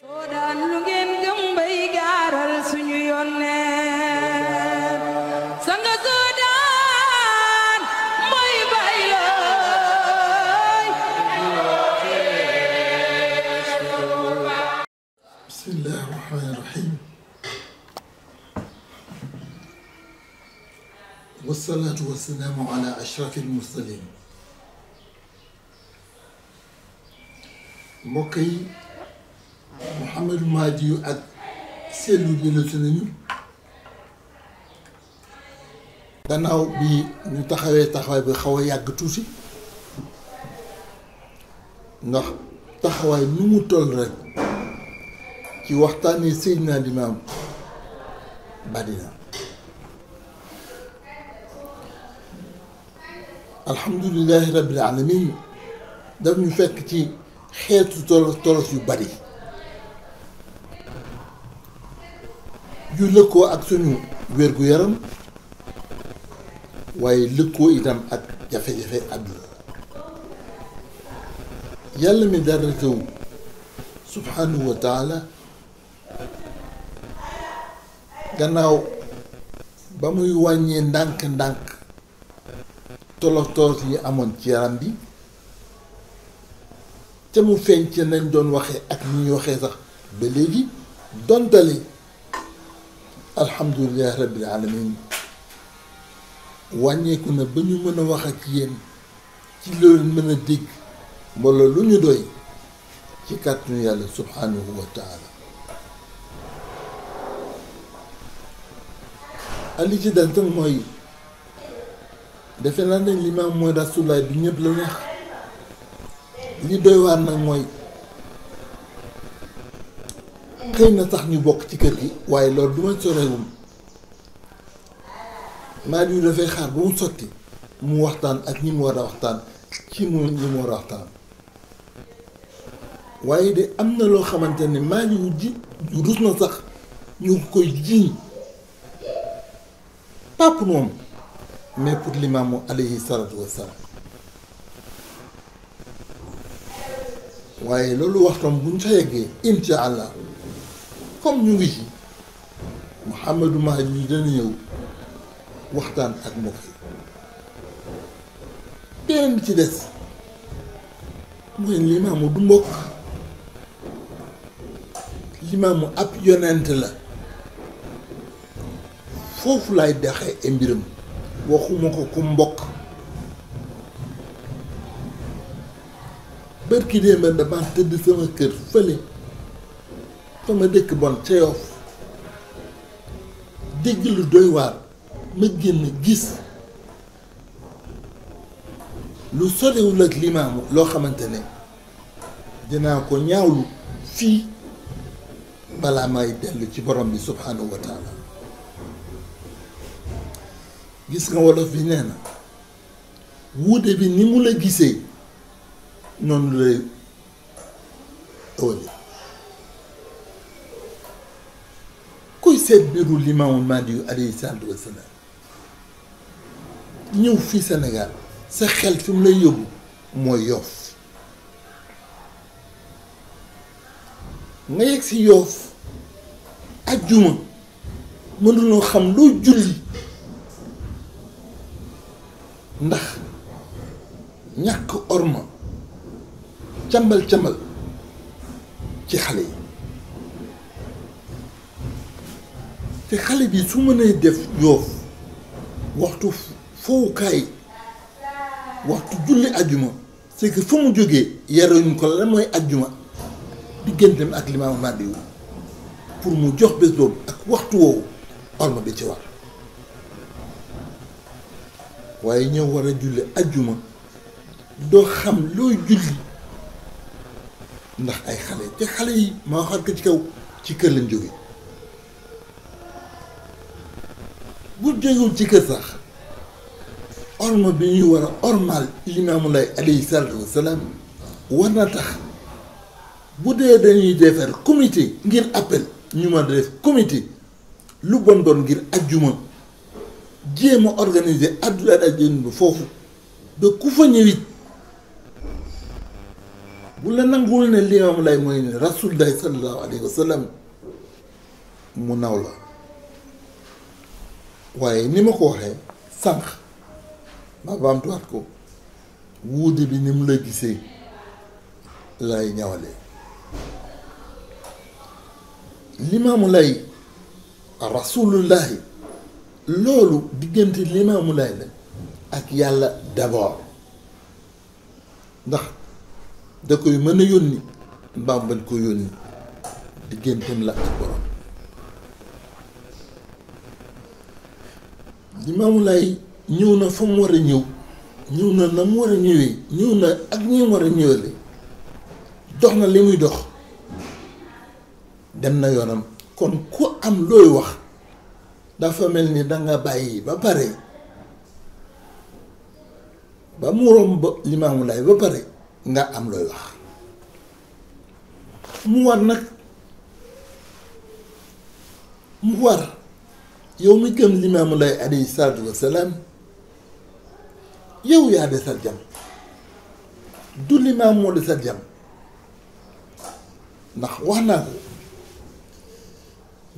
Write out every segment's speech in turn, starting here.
soo daan lu ngeen gëm bay gaaral suñu yónneen sanga soo daan mooy bay looy bismillahi rahmani rahim والصلاة والسلام على أشرف المرسلين mbokk yi محمد ماديو اك سيلو دي لسنين غناو بي ني تخاوي تخاوي بي خاوي ياغ توسي نخ تخاوي نومو تول رك كي وقتاني سيدنا الامام بدينا الحمد لله رب العالمين دا ني فك تي خيتو تول بري yu lëkkoo ak suñu wér-gu-yaram waaye lëkkoo itam ak jafe-jafe àdduna yàlla mi dara tëw subhanahu wa taala gannaaw ba muy wàññee ndànk-ndànk tolof tolof yi amoon ci yaram bi te mu feeñ ci nañ doon waxee ak ni ñuy waxee sax ba léegi dontale alhamdulilah rabbil alamin wàññeeku na ba ñu mën a wax ak yéen ci loolu mën a dégg wala lu ñu doy ci kàttanu yàlla subhanahu wa taala ali mooy defe naa ne limaam mooy rasulaay du ñëpp la neex li doy waar nag mooy xëy na sax ñu bokk ci kër gi waaye loolu du ma sorewum maal yu dafay xaar ba mu sotti mu waxtaan ak ñi mu war a waxtaan ci mu ñi mu war a waxtaan waaye de am na loo xamante ne maal yu ji rus na sax ñu koy jiiñ pas pour moom mais pour l'imaamu alayhi salaatu wassalaam waaye loolu waxtam bu ñu sa yeggee incha allah comme ñu ngi ci Mouhamadou Mahi dana ñëw waxtaan ak mbokk yi beneen bi ci des mooy limaamu du mbokk limaamu ab yonent la foofu lay daxee e mbiram waxuma ko ku mbokk bërki démb dama tëdd sama kër fële sama dëkk bon ca dégg lu doy waar ma génn gis lu sorewul ak limaamu loo xamante ne dinaa ko ñaawlu fii balaa may dellu ci borom bi subhaanahu wa gis nga wolof bi nee na wuute bi ni mu la gisee noonu lay بيرو لما ومادي عليه الصلاه والسلام نيو في السنغال سا خيل فيم لا يوبو مو يوف نيك سي يوف اجوما منو خم لو جولي ندخ te xale bi su mënee def yoof waxtu kay waxtu julli aljuma c'est que fa mu jógee yaruñ ko lan mooy ajjuma digganteem ak limaamu Mahdi pour mu jox bés boobu ak waxtu wo orma bi ci war waaye ñew wara julli aljuma do xam looy julli ndax ay xale te xale yi ma waxaat ko ci kaw ci kër lañ jógee jógewul ci kër sax orma bi ñuy war a ormal limaamu lay alayhi salaatu wasalaam war na tax bu dee dañuy defar comité ngir appel ñu mën def comité lu bon bon ngir ajjuma jéem a organiser addunaat ajjuma bi foofu ba ku fa ñëwit bu la nanguwul ne limaamu lay mooy ne rasulullah sallallahu alayhi wa sallam mu naw la waaye ni ma ko waxee sànq ma baamtuwaat ko wuude bi ni mu la gisee lay ñawalee limaamu lay rasulullahi loolu diggante limaamu lay la ak yàlla d'abord ndax da koy mën a yónni mbaam bañ ko yónni digganteem la ak borom Limaamu Laay ñëw na fa mu war a ñëw ñëw na na mu war a ñëwee ñëw na ak ñi mu war a ñëwale dox na li muy dox dem na yoonam kon ku am looy wax dafa mel ni danga bàyyi ba pare ba mu romb Limaamu ba pare nga am looy wax mu war nag mu war يوم كم الإمام عليه الصلاة والسلام يو يا دس الجم دول الإمام مول دس الجم نحوانا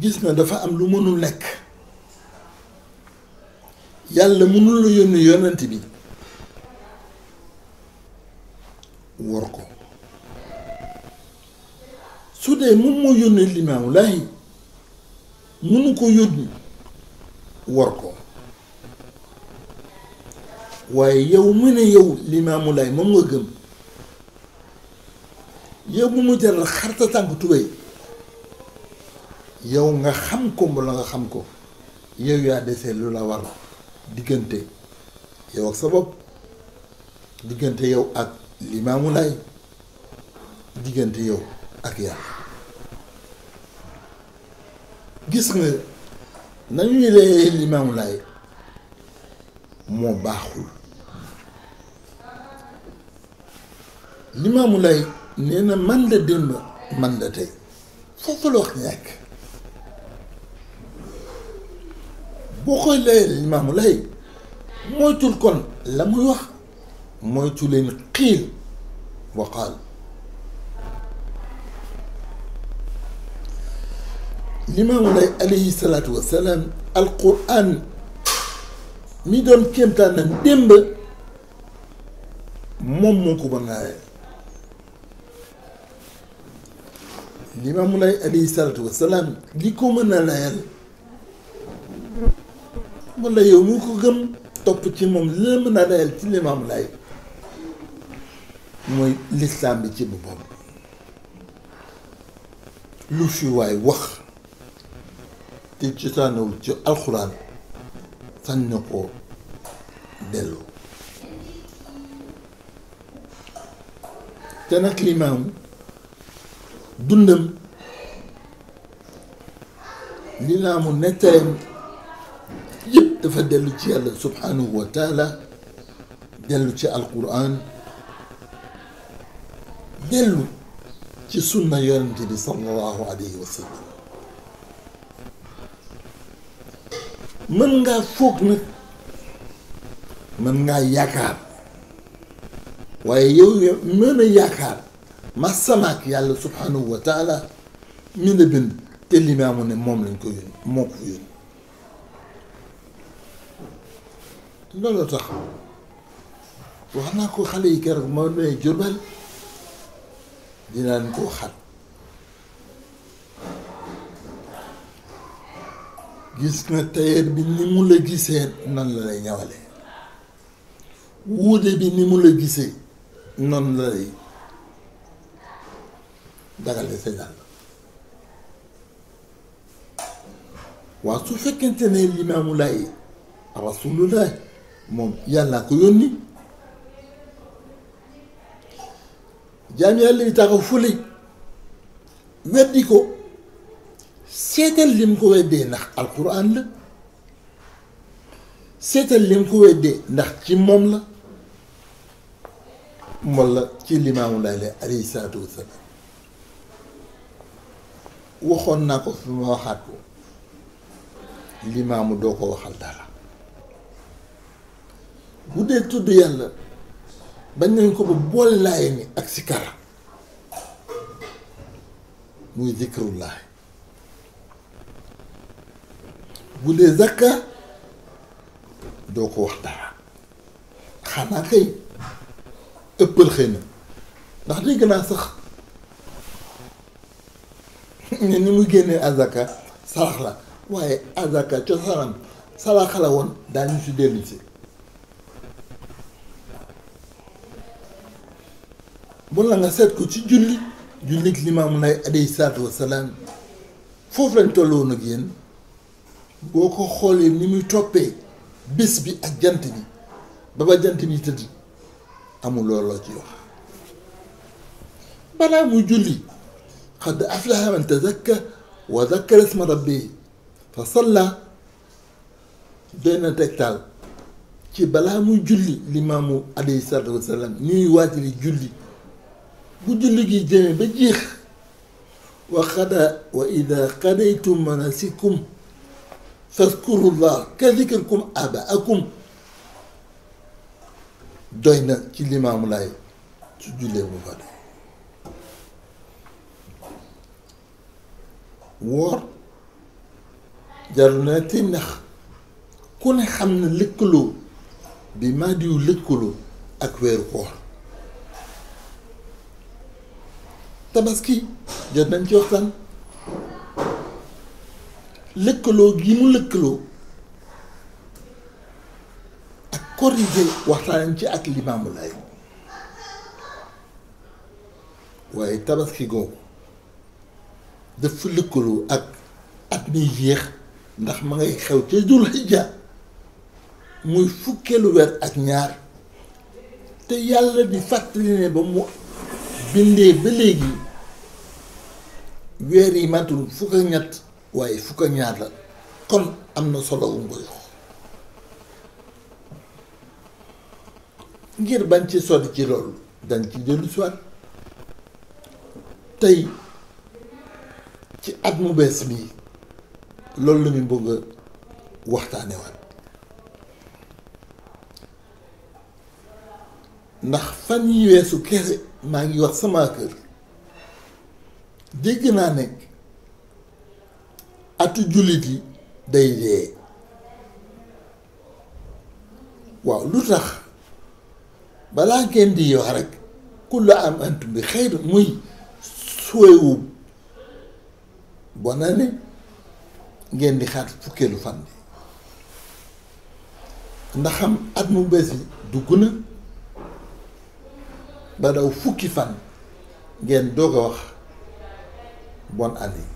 جسنا دفع أم لمن لك يلا من اللي ين ين أنت بي وركو سودة ممو ين الإمام عليه منو كيودني war waaye yow mu yow Limaamu Laay moom nga gëm yow bu mu jaral xarta tànk tubéy yow nga xam ko mbala nga xam ko yow yaa desee lu la war diggante yow ak sa bopp diggante yow ak Limaamu Laay diggante yow ak yàlla gis nga nañu yëlee Limaamu moo baaxul Limaamu Laay nee na man la démb man la tey foofu la wax ñàkk boo koy layee Limaamu moytul kon la muy wax moytu leen xiil الإمام عليه الصلاة والسلام القرآن ميدون كم تانا ديمب موم موكو بنغاية الإمام عليه الصلاة والسلام ديكو من الليل مولا يوموكو غم توب تي موم لمن الليل تي الإمام عليه موي الإسلام بيتي ببوم لو شي واي واخ te cosaanawul ci alxuraan sañ na koo delloo te nag limaam dundam li naa mu nettaayam dafa dellu ci yàlla subhanahu wa dellu ci alquran dellu ci sunna yonente bi sallallahu alayhi mën ngaa foog nag mën ngaa yaakaar waaye yow mën a yaakaar ma samaak yàlla subhanahu wa taala mi ne bind te limaamu ne moom lañ ko yónni moo ko yónni loolu tax wax naa ko xale yi keroog ma nee jurbal dinaa ko xat gis na tailleur bi ni mu la gisee noonu la lay ñawale wuude bi ni mu la gisee noonu la lay dagale sa dàll su fekkente ne limaamu laay rasulullah moom yàlla ko yónni jaam yàlla bi taxaw fële weddi ko seetal lim ko weddee ndax alquran la seetal lim ko weddee ndax ci moom la walla ci limaamu laay la alayhi salaatu wasalaam waxoon naa ko fi ma waxaat ko limaamu doo ko waxal dara bu dee tudd yàlla bañ nañ ko ba boole laay ak si kara muy zikrullahi bu dee zakka doo ko wax dara xanaa kay ëppal xëy na ndax dégg naa sax ne ni muy génnee azaka sarax la waaye azaka cosaanam sarax la woon daañu si dellu si bon la nga seet ko ci julli jullit limaamu lay alayhi salaatu wasalaam foofu lañ tolloon ak yéen boko xolé ni muy topé bis bi ak jant bi ba ba jant bi tëdd amul lolo ci wax bala mu julli qad aflaha man tazakka wa dhakara isma rabbi fa salla dena tektal ci bala mu julli limam ali sallallahu alayhi wasallam ni ñuy waajali julli bu julli gi jeme ba jeex wa xada wa ida qadaytum manasikum فاذكروا الله كذكركم اباءكم دوينا كي لي مام لاي تجولي مو فالي وور جارنا تنخ كون خمنا لكلو بما ديو لكلو اكوير وور تباسكي جاتنا نتي وقتان lëkkaloo gi mu lëkkaloo ak corriger waxtaan ci ak Limaamu Laay waaye tabaski googu dafa lëkkaloo ak at mi yéex ndax ma ngay xew ca Dul Hijja muy fukkeelu weer ak ñaar te yàlla di fàttali ne ba mu bindee ba léegi weer yi matul fukk ñett waaye fukk ak ñaar la kon am na solo wu yox ngir bañ ci sol ci loolu dañ ci dellu siwaat tey ci at mu bees mii loolu la ñu waxtaanewaat ndax fan yi weesu kese maa ngi wax sama kër dégg naa nekk atu jullit yi day waaw lu tax balaa ngeen di wax ku la am antum bi xayr muy sooywu bona ne ngeen di xaar fukkeelu fan ndax ndaxam at mu bees yi dugg na ba daw fukki fan ngeen doog a wax bonne année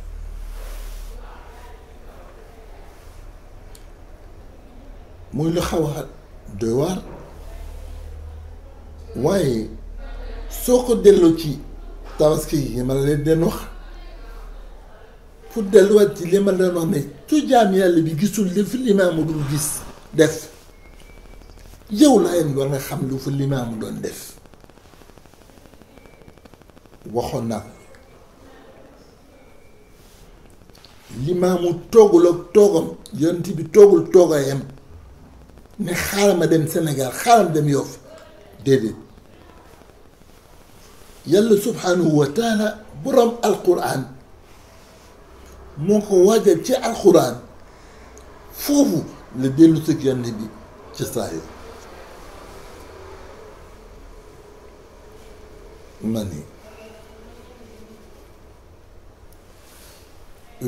mooy lu xaw a waar waaye soo ko delloo ci tabaski yi ma leen den wax pour delluwaat ci li ma leen wax ne su jaam yàlla bi gisul li fi limaamu dul gis def yow laayeen war nga xam lu fi limaamu doon def waxoon naa limaamu toogul ak toogam yonent bi toogul toogayam ne xaaral ma dem Sénégal xaaral dem Yoff déedéet yàlla subhanahu wa taala borom alquran moo ko waajal ci alquran foofu la dellu sëg yonne bi ci saa yo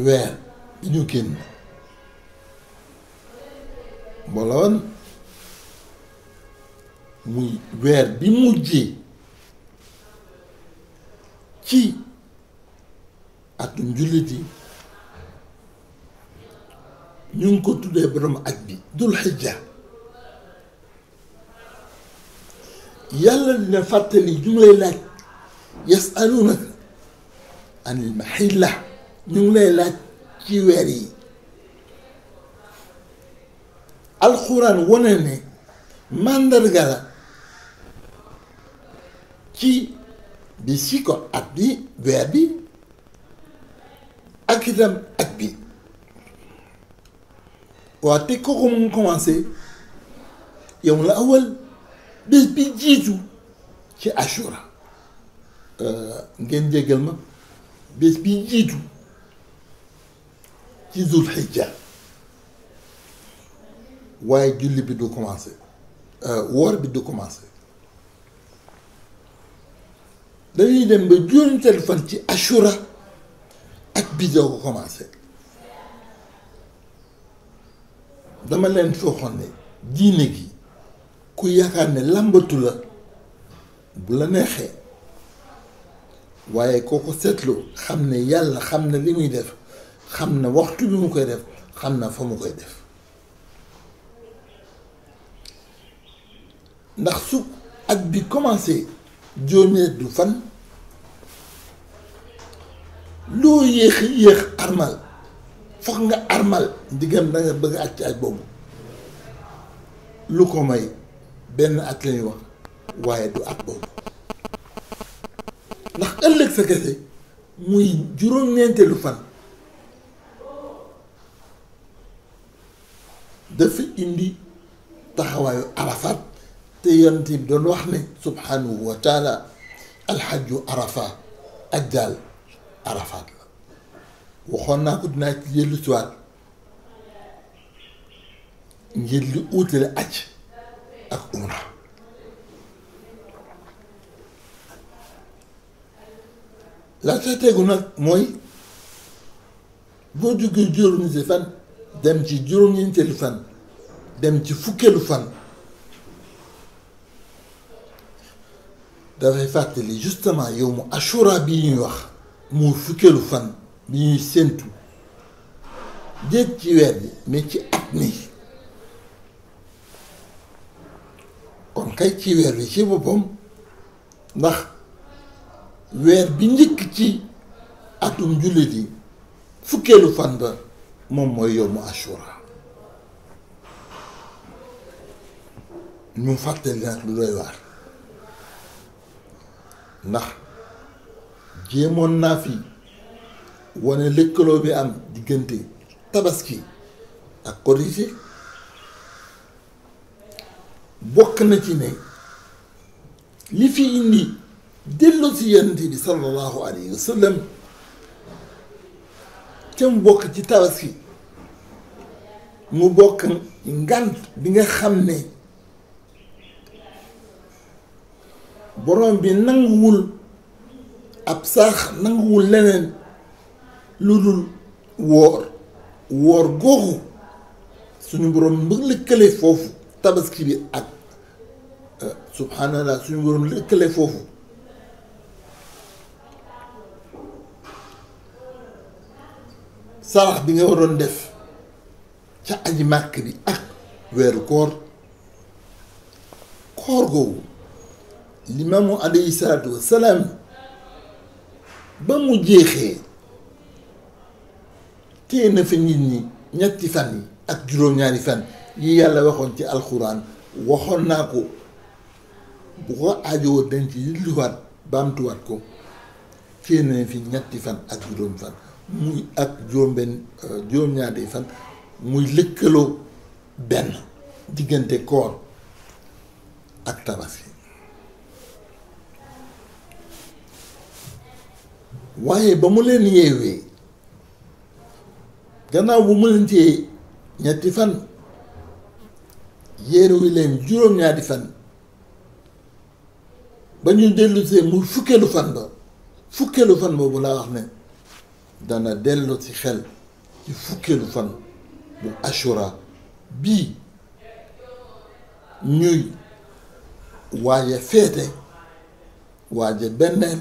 weer bi ñu génn mbooloo muy weer bi mujjee ci ak jullit yi ñu ngi ko tuddee borom aj bi dul xijja yàlla dina fàttali ñu lay laaj an anil mahilla ñu ngi lay laaj ci weer yi alxuraan wane ne màndarga la qui bisiko a dit abi akitam abi wate koko mun commencé yawm la awal bis bi jitu ci ashura euh, ngeen djegal ma bis bi jitu ci a julli bi du commencé euh, wor bi a dañuy dem ba juróom-ñetti fan ci assura ak bidoo ko commencé dama leen fooxoon ne diine gi ku yaakaar ne làmbatu la bu la neexee waaye koo ko seetlu xam ne yàlla xam na li muy def xam na waxtu bi mu koy def xam na fa mu koy def ndax su at bi commencé du fan loo yéex yéex armal foog nga armal diggam da nga bëgg aj ci aj boobu lu ko may benn at lañuy wax waaye du at boobu ndax ëllëg sa kese muy juróom-ñeenteelu fan dafa indi taxawaayu arafat te yonent bi doon wax ne subhanahu wa taala alxaju arafa ajjal Arafat waxoon naa ko dinaa ci yëllu siwaat ngir li uutale aj ak umra la ca tegu nag mooy boo jógee juróom-ñeenti fan dem ci juróom-ñeenteelu fan dem ci fukkeelu fan dafay fàttali justement yow mu assura bii ñuy wax mu fukkeelu fan bi ñuy séentu déet ci weer bi mais ci at mi kon kay ci weer bi ci boppam ndax weer bi njëkk ci atum jullit yi fukkeelu fan ba moom mooy yowmu ashura ñu fàttali nag lu doy waar ndax jéemoon naa fi wane lëkkaloo bi am diggante tabaski ak korité bokk na ci ne li fi indi delloo si yonent bi sallallahu alayhi wa sallam bokk ci tabaski mu bokk ngant bi nga xam ne borom bi nanguwul ab saax nanguwul leneen lu dul woor woor googu suñu boroom mbëgg lëkkale foofu tabaski bi ak euh, subhanallah suñu boroom lëkkale foofu sarax bi nga waroon def ca aji màkk bi ak weeru koor koor googu limaamu alayhi salaatu ba mu jeexee téye na fa nit ñi ñetti fan yi ak juróom-ñaari fan yi yàlla waxoon ci alxuraan waxoon naa ko bu ko aajowoo dañ ci yilliwaat baamtuwaat ko téye na fi ñetti fan ak juróom fan muy ak juróom-benn euh, juróom-ñaari fan muy lëkkaloo benn diggante koor ak tabaski waaye ba mu leen yeewee gannaaw bu mu leen téye ñetti fan yeeruwi leen juróom-ñaari fan ba ñu dellusee mu fukkeelu fan ba fukkeelu fan boobu laa wax ne dana dellu ci xel ci fukkeelu fan bu ashura bii ñuy waaje feete waaje benneen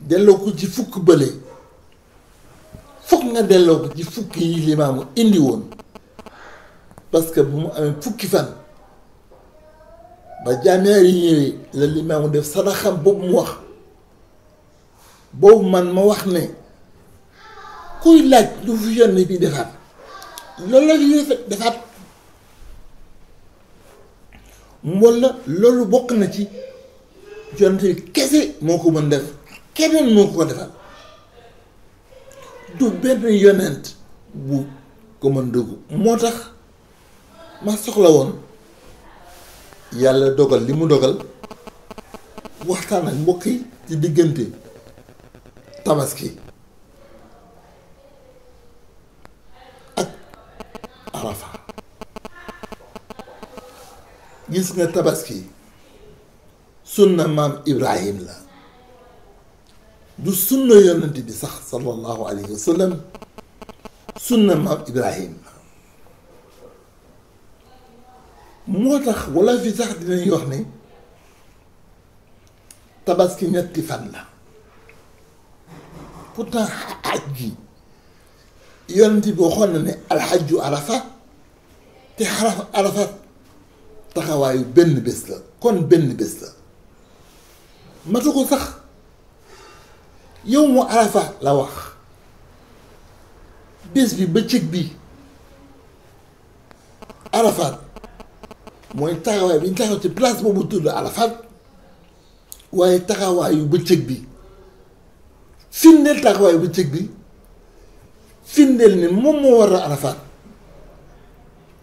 delloo ci fukk bële fokk nga delloo ci fukk yi limaamu indi woon parce que bu mu amee fukki fan ba jàmmeer yi ñëwee la limaamu def sadaxam boobu mu wax boobu man ma wax ne kuy laaj lu fi yonn bi defaat loolu la ñu defaat wala loolu bokk na ci yonn bi kese moo ko mën def keneen moo ko defal du benn yonent bu ko mën dugg moo tax ma soxla woon yàlla dogal li mu dogal waxtaan ak mbokk yi ci diggante tabaski ak arafa gis nga tabaski sunna maam Ibrahim la du sunna yonent bi sax sallallahu alayhi wa sallam sunna ma Ibrahim motax wala fi sax dinañ wax ne tabaski ñetti fan la pourtant hajji gi yonent bi waxoon na ne alxajju arafa te xaraf arafa taxawaayu benn bés la kon benn bés la matu ko sax. يوم عرفة لوخ بس بي بتشك بي عرفة مو يتغوى يتغوى تبلاس مو بطول عرفة ويتغوى يبتشك بي فين نل تغوى يبتشك بي فين نل نمو مو ورا عرفة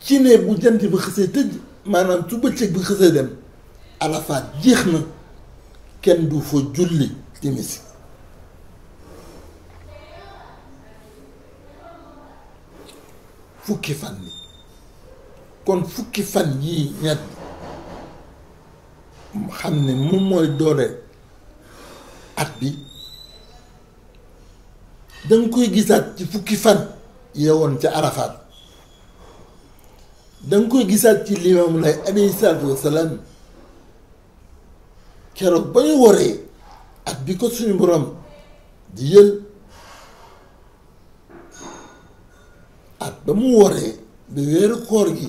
كيني بو جنتي بخسي تج ما نم تو بتشك بخسي دم عرفة جيخنا كان دو فو جولي تمسك fukki fan yi kon fukki fan yii ñett xam ne moom mooy doole at bi danga koy gisaat ci fukki fan yeewoon ca Arafat danga koy gisaat ci limaam lay alayhi salaatu wasalaam keroog ba ñu waree at bi ko suñu borom di yël ba mu waree bi weeru koor gi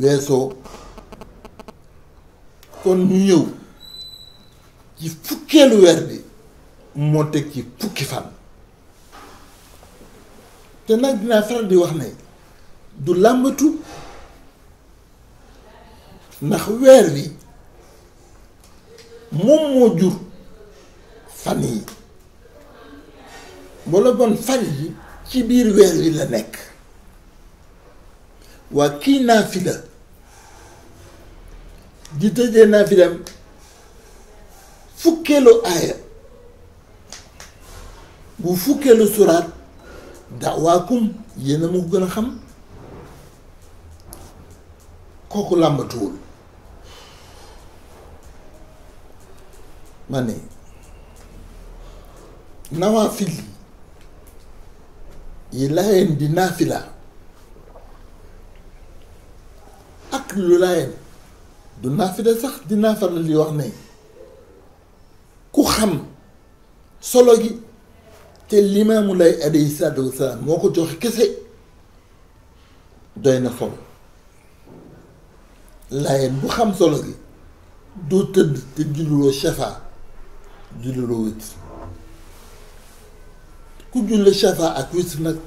weesoo kon ñu ñëw ci fukkeelu weer bi moo teg ci fukki fan te nag dinaa faral di wax ne du làmbatu ndax weer wi moom moo jur fan yi wala bon fan yi ci biir weer wi la nekk waa kii naafila di tëjee naafilam fukkeelu aaya bu fukkeelu suraat dawaakum yéen a gën a xam kooku làmbatuwul ma ne nawaafil yi laayeen di naafila lu laayam du naafila sax dinaa faral di wax ne ku xam solo gi te limaamu lay alayhi salaatu wasalaam moo ko joxe kese doy na solo laayam bu xam solo gi doo tëdd te julloo shafaa julloo witr ku julli shafaa ak witr nag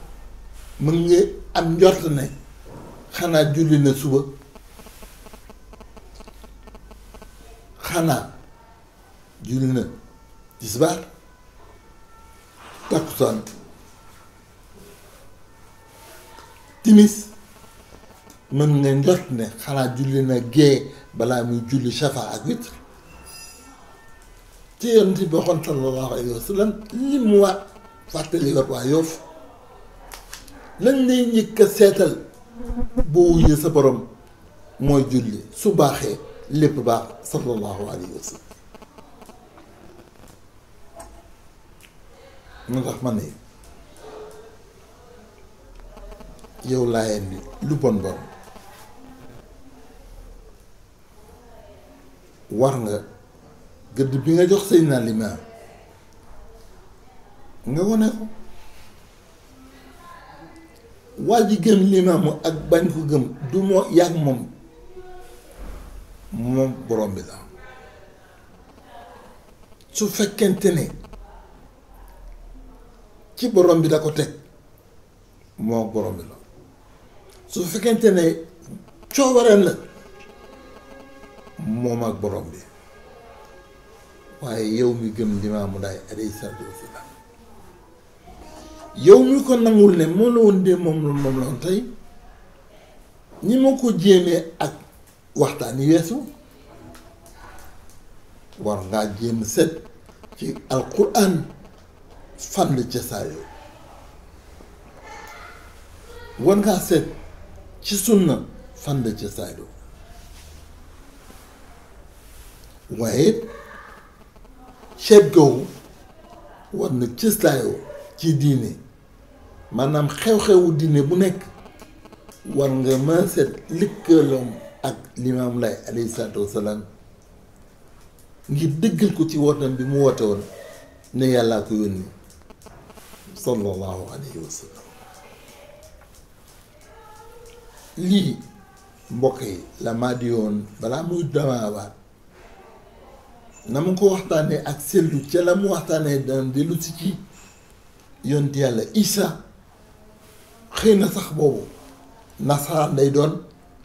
mën nga am njort ne xanaa julli na suba xanaa julli na tisbaar takkusaan timis mën nga njort ne xanaa julli na gee balaa muy julli shafa ak witr ci yonent bi waxoon sallallahu alayhi wa sallam li mu wax fàttali wat waa yoof lan lay njëkk a seetal boo wuyee sa borom mooy julli su baaxee lépp baax sallallahu alayhi wa sallam moo tax ma ne yow laayeen bi lu bon bon war nga gëdd bi nga jox Seydina Limaam nga wane ko waa ji gëm Limaamu ak bañ ko gëm du moo yàgg moom moom borom bi la su fekkente ne ci borom bi da ko teg moom borom bi la su fekkente ne coobareem la moom ak borom bi waaye yow mi gëm Limaamu Laay alayhi salaatu wa salaam yow mi ko nangul ne moom la woon dee moom la moom la woon tey ñi ma ko jéemee ak waxtaan Yesu. war ngaa jéem set ci alquran fan la cosaayoo war ngaa set ci sunna fan la cosaayoo waaye chef googu war na cosaayoo ci diine maanaam xew-xewu diine bu nekk war nga mën set lëkkaloom ak limaam lay alayhi salaatu wasalaam ngir dëggal ko ci wootam bi mu woote woon ne yàllaa ko yónni sallallahu alayhi wa sallam lii mbokk yi la maa di woon balaa muy damaawaat na mu ko waxtaanee ak seetlu ca la mu waxtaanee daan dellu si ci yonent yàlla Isa xëy na sax boobu nasaraan day doon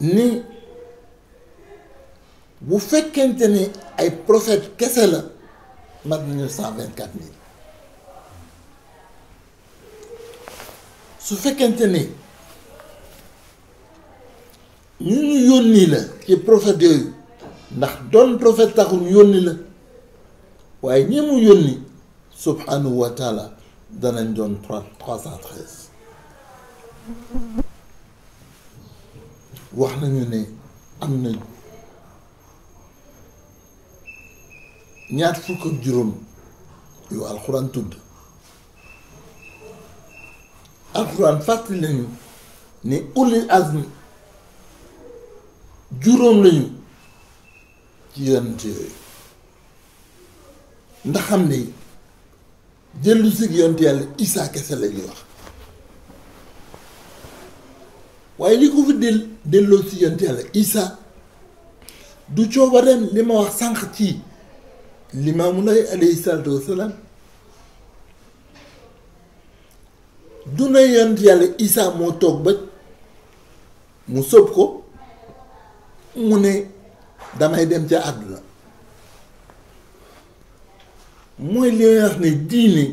ni vous qu'un nous, ay prophètes kese nous, mat nous, cent vingt quatre mille su nous, nous ñu nous, la nous prophètes nous, ndax nous, prophète nous nous nous wax nañu ne am na ñaar fukk ak juróom yu alxuraan tudd alxuraan fàttali nañu ne ulil azmi juróom lañu ci yonent yooyu ndax xam ne jëllu sig yonent yàlla isaa kese la ñuy wax waaye li ko fi del delloo si yonent yàlla Isa du coobareem li ma wax sànq ci limaamu lay alayhi salaatu wasalaam du na yonent yàlla Isa moo toog ba mu soob ko mu ne damay dem ca àdduna mooy li wax ne diine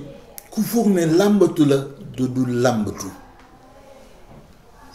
ku foog ne làmbatu la du du làmbatu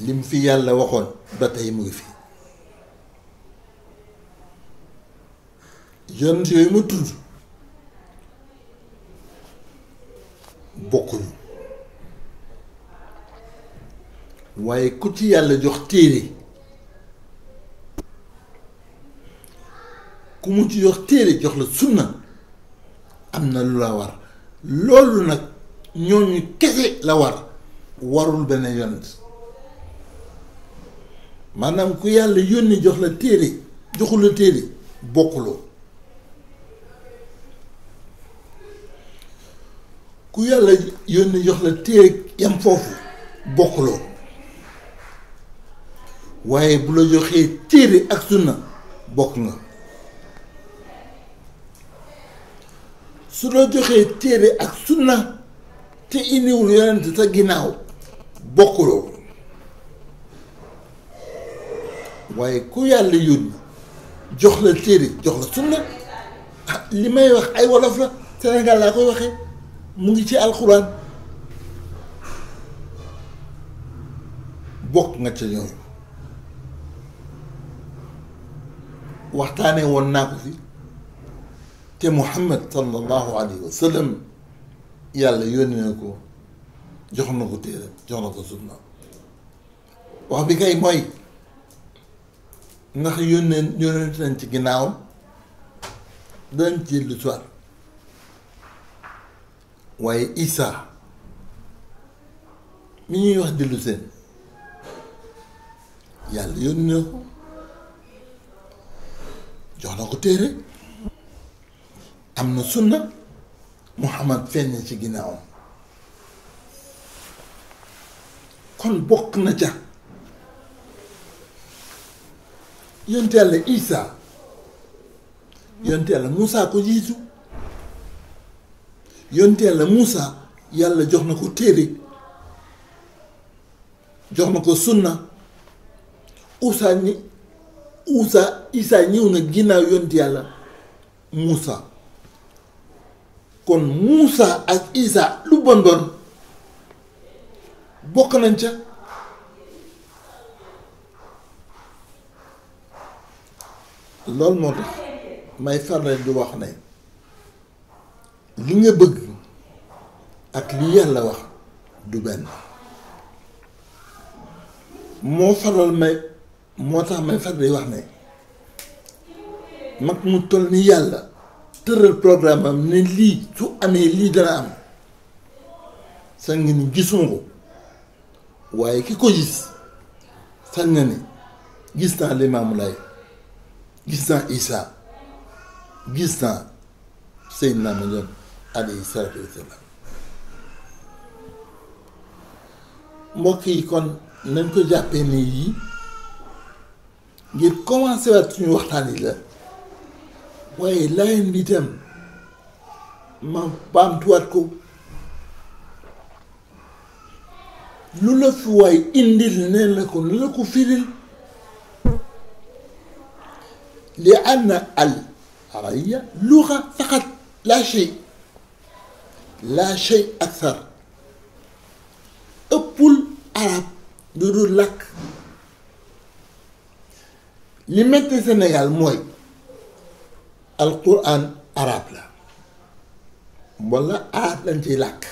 لم في يالا وخون باتاي موغي في يونت يوي ما تود بوكو واي كوتي يالا جوخ تيري كومو تي جوخ تيري جوخ لا سنة امنا لولا وار لولو نك ñoñu kessé la war warul benen yonent maanaam ku yàlla yónni jox la téere joxu la téere bokkuloo ku yàlla yónni jox la téere yam foofu bokkuloo waaye bu la joxee téere ak sunna bokk na su la joxee téere ak sunna te indiwul yonent sa ginnaaw bokkuloo waaye ku yàlla yónni jox la téere jox la sunna li may wax ay wolof la Sénégal laa koy waxee mu ngi ci alxuraan bokk nga ca ñooñu waxtaanee woon naa ko fi te Muhammad sallallahu alayhi wa sallam yàlla yónni na ko jox na ko téere jox na ko sunna wax bi kay mooy ndax yónneen yónneen nañ ci ginnaawam dañ ci lu soir waaye Isa mi ñuy wax di lu seen yàlla yónnee ko jox na ko téere am na sunna Muhammad feeñ ci ginnaawam kon bokk na ca yonent yàlla Isa yonent yàlla Moussa ko jiitu yonent yàlla Moussa yàlla jox na ko téere jox na ko sunna usa ñi usa Isa ñëw na ginnaaw yonent yàlla Moussa kon Moussa ak Isa lu bon bokk nañ ca loolu moo tax may faral di wax ne li nga bëgg ak li yàlla wax du benn moo faral may moo tax may faral di wax ne mag mu toll ni yàlla tëral programme am lii su amee lii dana am sax nga gisuma ko waaye ki ko gis sax nga gis naa Limaamu Laay Gisan Isa. Gisan que Meryem aleyhissalatu mbokk yi kon nañ ko ni yi ngir commencé suñu waxtaan la waaye layen bi Je ma baamtuwaat ko lu la fi ne indil la ko لأن العربية لغة فقط لا شيء لا شيء أكثر أبول عرب دورو لك لمتى سنغال موي القرآن عرب لا ولا عرب لنجي لك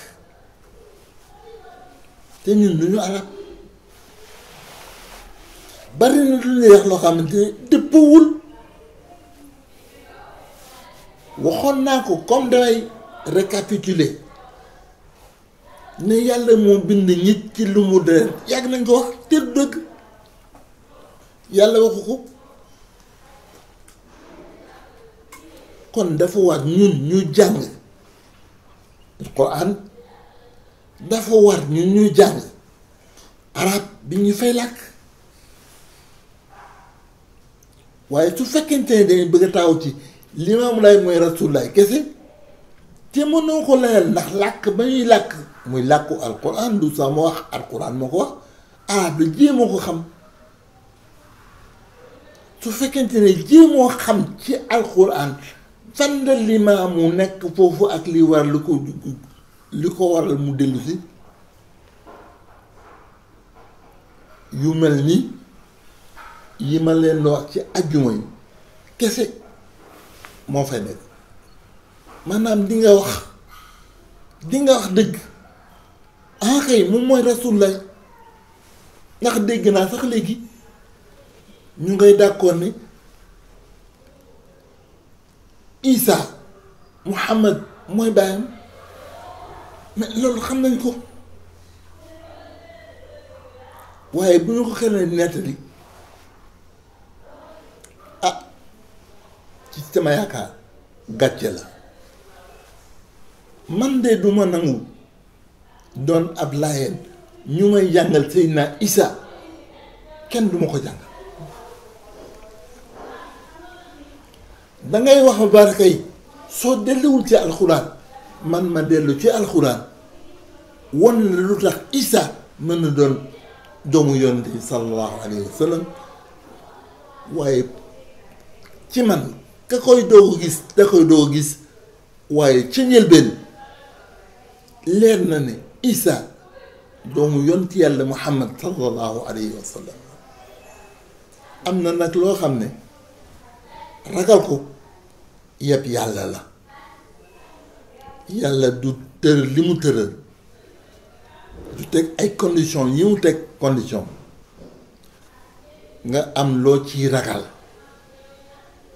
تنين نيو عرب بارين نيو لو خامتي ديبول waxoon naa ko comme damay récapituler ne yàlla moo bind nit ci lu mu deret yàgg nañ ko wax te dëgg yàlla waxu ko kon dafa war ñun ñu jàng Alxuraan dafa war ñun ñu jàng arab bi ñu fay làkk waaye su fekkente ne dañu bëgg a taaw ci limaamu laay mooy rasulaay kese te mënoo ko layal ndax làkk ba ñuy làkk muy làkku alquran du sama wax alquran moo ko wax arab la jéemoo ko xam su fekkente ne jéemoo xam ci alquran fan la limaamu nekk foofu ak li war li ko li ko waral mu dellusi si yu mel ni yi ma leen wax ci ajjuma yi kese moo fay nekk maanaam di nga wax di nga wax dëgg ah kay moom mooy rasulullah ndax dégg naa sax léegi ñu ngay d'accord ne Isa Muhammad mooy baayam mais loolu xam nañ ko waaye bu ñu ko kenn nettali ma yaakaar gàcce la man de duma nangu doon ab ñu may jàngal Seydina Isa kenn duma ko jàngal dangay wax baraka yi soo delluwul ci alxuraan man ma dellu ci alxuraan won la lu Isa mën na doon doomu yonent bi sallallahu alayhi wa sallam ci man ka koy doog gis da koy doog gis waaye ca njëlbeen leer na ne Isa doomu yonti yàlla Muhammad sallallahu alayhi wa sallam am na nag loo xam ne ragal ko yëpp yàlla la yàlla du tëral li mu tëral du teg ay condition yi mu teg condition nga am loo ciy ragal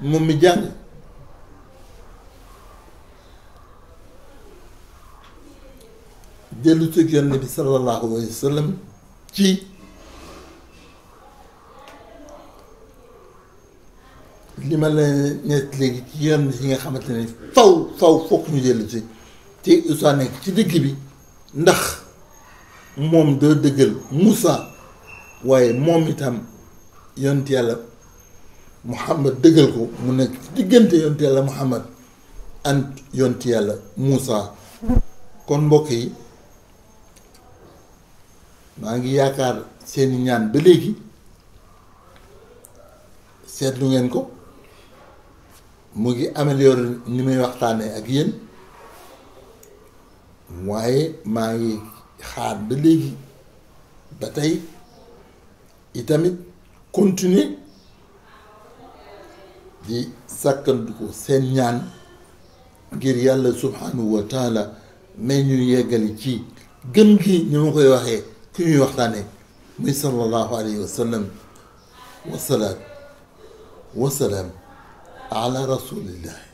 moom mi jàng dellu ci yonent bi sallallahu alayhi wa ci li ma la nekk léegi ci yoon yi nga xamante ne faw faw fokk ñu dellu ci te nekk ci dëgg bi ndax moom doo dëggal Moussa waaye moom itam yonent yàlla Muhammad dëggal ko mu nekk diggante yonti yàlla Muhammad ant yonti yàlla Moussa kon mbokk yi maa ngi yaakaar seeni ñaan ba léegi seetlu ngeen ko mu ngi amélioré ni may waxtaanee ak yéen waaye maa ngi xaar ba léegi ba tey itamit continuer di sàkkandiku seen ñaan ngir yàlla subhanahu wa taala may ñu yeggali ci gën gi ñu ma koy waxee ki ñuy waxtaane muy sallallahu alayhi wa wasalaat wasalaam ala rasulillah